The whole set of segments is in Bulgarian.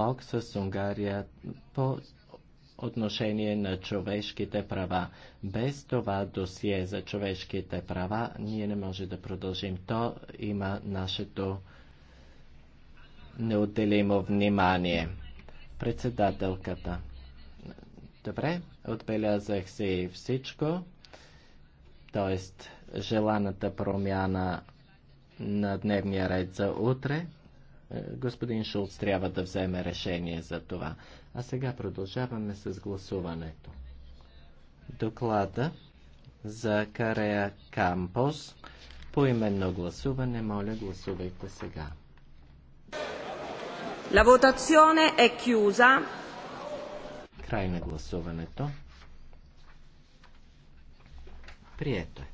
диалог с Унгария по отношение на човешките права. Без това досие за човешките права ние не може да продължим. То има нашето неотделимо внимание. Председателката. Добре, отбелязах си всичко, т.е. желаната промяна на дневния ред за утре. Е, господин Шулц трябва да вземе решение за това. А сега продължаваме с гласуването. Доклада за Карея Кампос. По именно гласуване, моля, гласувайте сега. La votazione è chiusa. Край на гласуването. Прието е.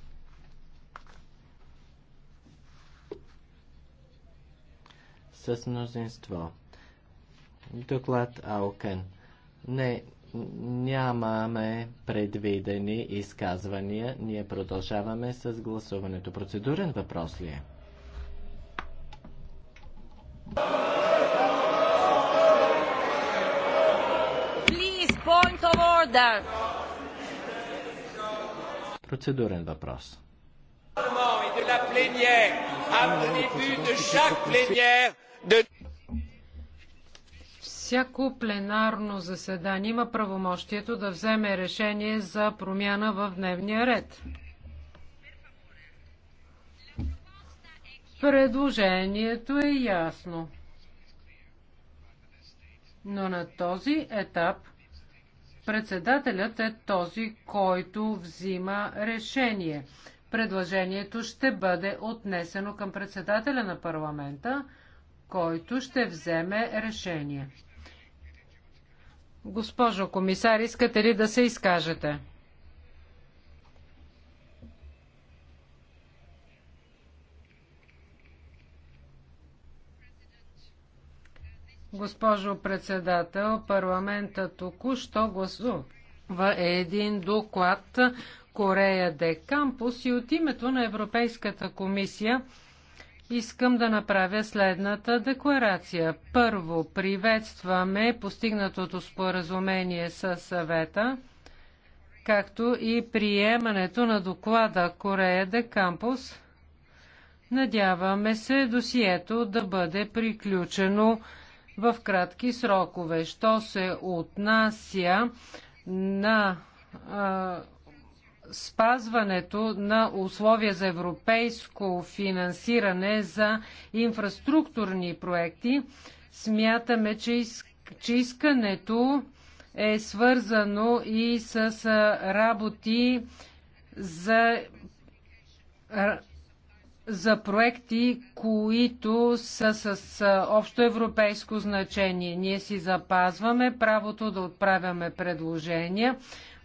с мнозинство. Доклад Аукен. Не, нямаме предвидени изказвания. Ние продължаваме с гласуването. Процедурен въпрос ли е? Процедурен въпрос. Всяко пленарно заседание има правомощието да вземе решение за промяна в дневния ред. Предложението е ясно. Но на този етап председателят е този, който взима решение. Предложението ще бъде отнесено към председателя на парламента, който ще вземе решение. Госпожо комисар, искате ли да се изкажете? Госпожо председател, парламента току-що гласува един доклад Корея де Кампус и от името на Европейската комисия Искам да направя следната декларация. Първо, приветстваме постигнатото споразумение с съвета, както и приемането на доклада Корея де Кампус. Надяваме се досието да бъде приключено в кратки срокове. Що се отнася на спазването на условия за европейско финансиране за инфраструктурни проекти. Смятаме, че, че искането е свързано и с работи за, за проекти, които са с общо европейско значение. Ние си запазваме правото да отправяме предложения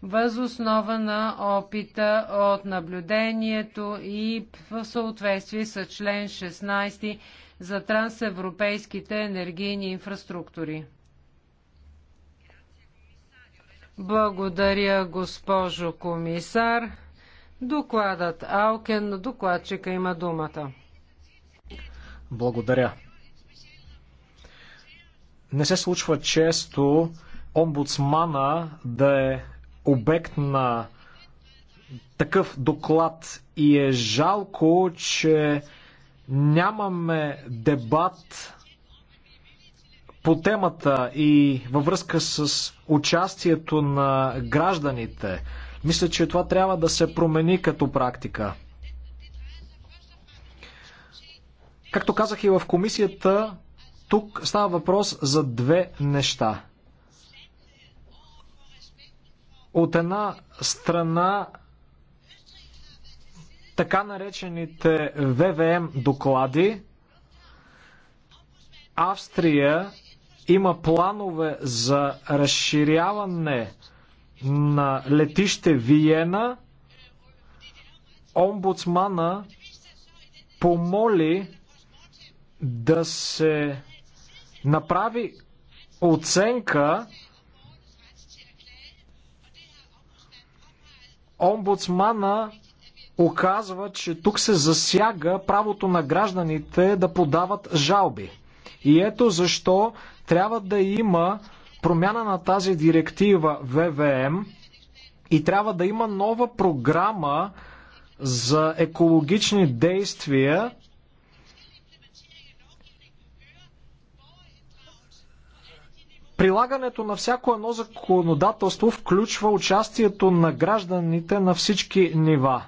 възоснова на опита от наблюдението и в съответствие с член 16 за трансевропейските енергийни инфраструктури. Благодаря, госпожо комисар. Докладът Алкен, докладчика има думата. Благодаря. Не се случва често омбудсмана да е обект на такъв доклад и е жалко, че нямаме дебат по темата и във връзка с участието на гражданите. Мисля, че това трябва да се промени като практика. Както казах и в комисията, тук става въпрос за две неща – от една страна така наречените ВВМ доклади, Австрия има планове за разширяване на летище Виена. Омбудсмана помоли да се направи оценка омбудсмана оказва, че тук се засяга правото на гражданите да подават жалби. И ето защо трябва да има промяна на тази директива ВВМ и трябва да има нова програма за екологични действия, Прилагането на всяко едно законодателство включва участието на гражданите на всички нива.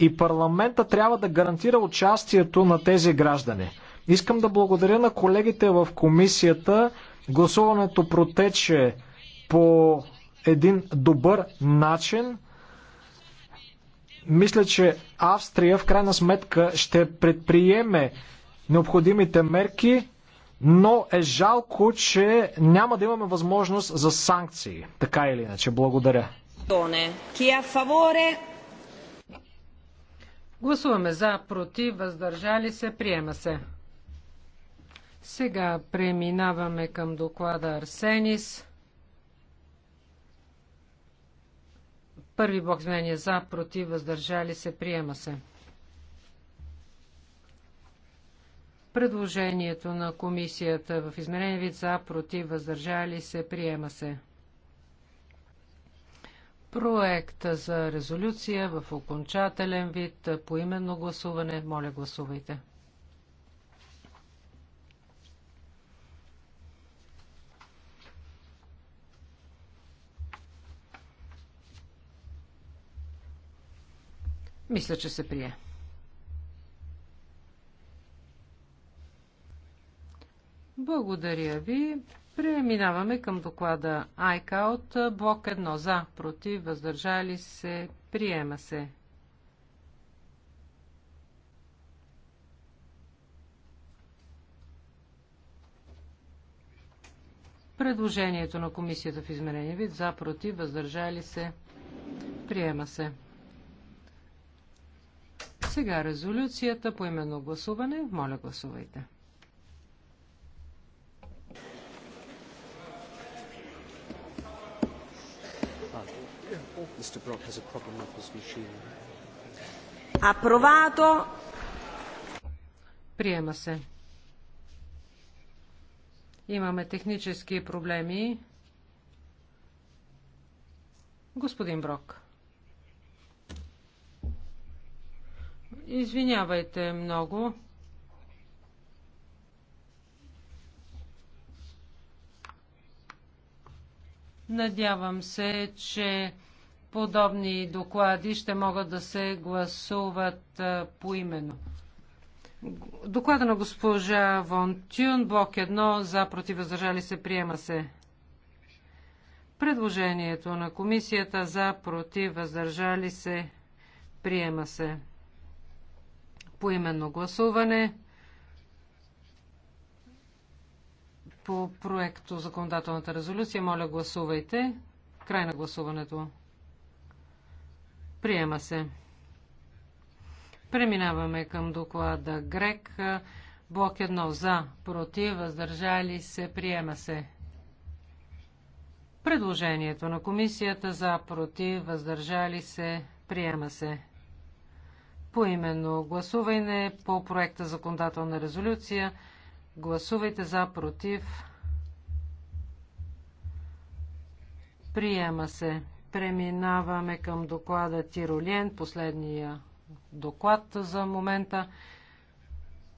И парламента трябва да гарантира участието на тези граждани. Искам да благодаря на колегите в комисията. Гласуването протече по един добър начин. Мисля, че Австрия в крайна сметка ще предприеме необходимите мерки но е жалко, че няма да имаме възможност за санкции. Така или иначе. Благодаря. Гласуваме за, против, въздържали се, приема се. Сега преминаваме към доклада Арсенис. Първи блок за, против, въздържали се, приема се. Предложението на комисията в изменение вид за, против, въздържали се, приема се. Проекта за резолюция в окончателен вид по именно гласуване. Моля, гласувайте. Мисля, че се прие. Благодаря ви. Преминаваме към доклада АЙКА от блок 1 за, против, въздържали се, приема се. Предложението на комисията в изменение вид за, против, въздържали се, приема се. Сега резолюцията по именно гласуване. Моля гласувайте. Mr. Approvato. Приема се. Имаме технически проблеми. Господин Брок. Извинявайте много. Надявам се, че подобни доклади ще могат да се гласуват поименно. Доклада на госпожа Вон Тюн, блок 1, за против въздържали се, приема се. Предложението на комисията за против въздържали се, приема се. Поименно гласуване. по проекто законодателната резолюция. Моля, гласувайте. Край на гласуването. Приема се. Преминаваме към доклада Грек. Блок едно за, против, въздържали се, приема се. Предложението на комисията за, против, въздържали се, приема се. Поименно гласуване по проекта законодателна резолюция – Гласувайте за, против. Приема се. Преминаваме към доклада Тиролиен, последния доклад за момента.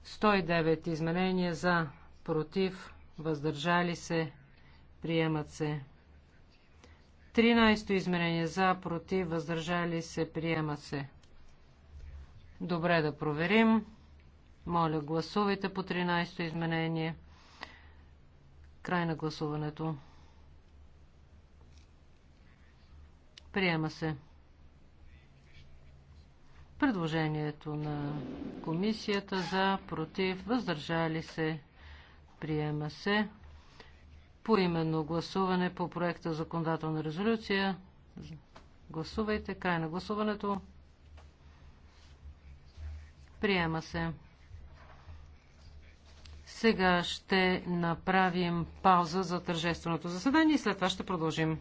109 изменения за, против, въздържали се, приемат се. 13 изменение за, против, въздържали се, приема се. Добре да проверим. Моля, гласувайте по 13-то изменение. Край на гласуването. Приема се. Предложението на комисията за против, въздържали се, приема се. По именно гласуване по проекта законодателна резолюция. Гласувайте. Край на гласуването. Приема се. Сега ще направим пауза за тържественото заседание и след това ще продължим.